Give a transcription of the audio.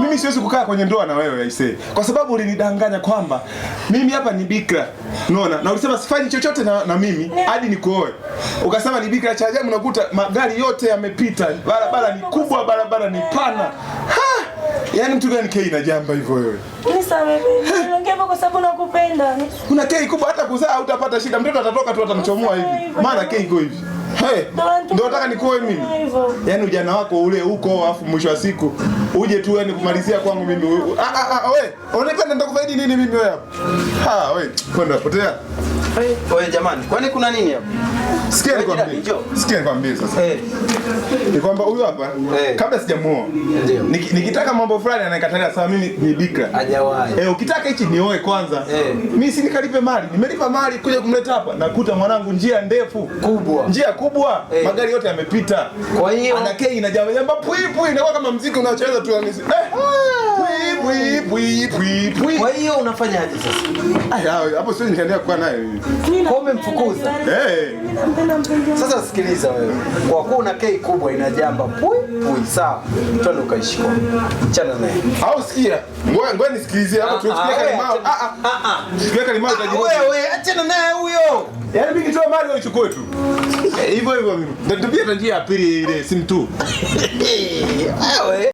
Mimi siwezi kukaa kwenye ndoa na wewe aisee, kwa sababu ulinidanganya kwamba mimi hapa ni bikra, unaona, na ulisema sifanyi chochote na, na mimi hadi nikuoe. Ukasema ni bikra. Cha ajabu, unakuta magari yote yamepita, barabara ni kubwa, barabara ni pana ha! Yaani mtu gani kei na jamba hivyo wewe? Nisame mimi. Niliongea kwa sababu nakupenda. Kuna kei kubwa hata kuzaa utapata shida. Mtoto atatoka tu atamchomoa hivi. Maana kei iko hivi. Hey, ndio nataka nikuoe mimi. Yaani ujana wako ule huko afu mwisho wa siku uje tu yani kumalizia kwangu mimi. Ah ah ah wewe, ndio kufaidi nini mimi wewe hapo? Ha wewe, kwenda potea. Wewe jamani, kwani kuna nini hapo? Sikia nikwambie. Sikia nikwambie sasa. Eh. Ni kwamba huyu hapa eh. kabla sijamuoa nikitaka mambo fulani anakatalia sawa mimi ni bikra. Hajawahi. Eh, ukitaka hichi nioe kwanza. Eh. Mimi si nikalipe mali. Nimelipa mali kuja kumleta hapa nakuta mwanangu njia ndefu kubwa. Njia kubwa magari yote yamepita. Kwa hiyo anakei inajaa. Jambo pui pui inakuwa kama mziki unaocheza tu. Eh. Ah. Kwa hiyo unafanyaje sasa? Hapo siwezi nikaendelea kuwa naye. Kwa umemfukuza. Eh. Sasa sikiliza wewe. Kwa kuwa una kei kubwa inajamba pui pui sawa. Twende ukaishi Chana naye. Au sikia. Ngoja ngoja nisikilizie hapo tusikie kalimao. Ah ah. Sikia kalimao utajibu. Wewe achana naye huyo. Yaani mimi kitoa mali uichukue tu. Eh, hivyo hivyo mimi. Ndio tabia njia ya pili ile simu tu. Wewe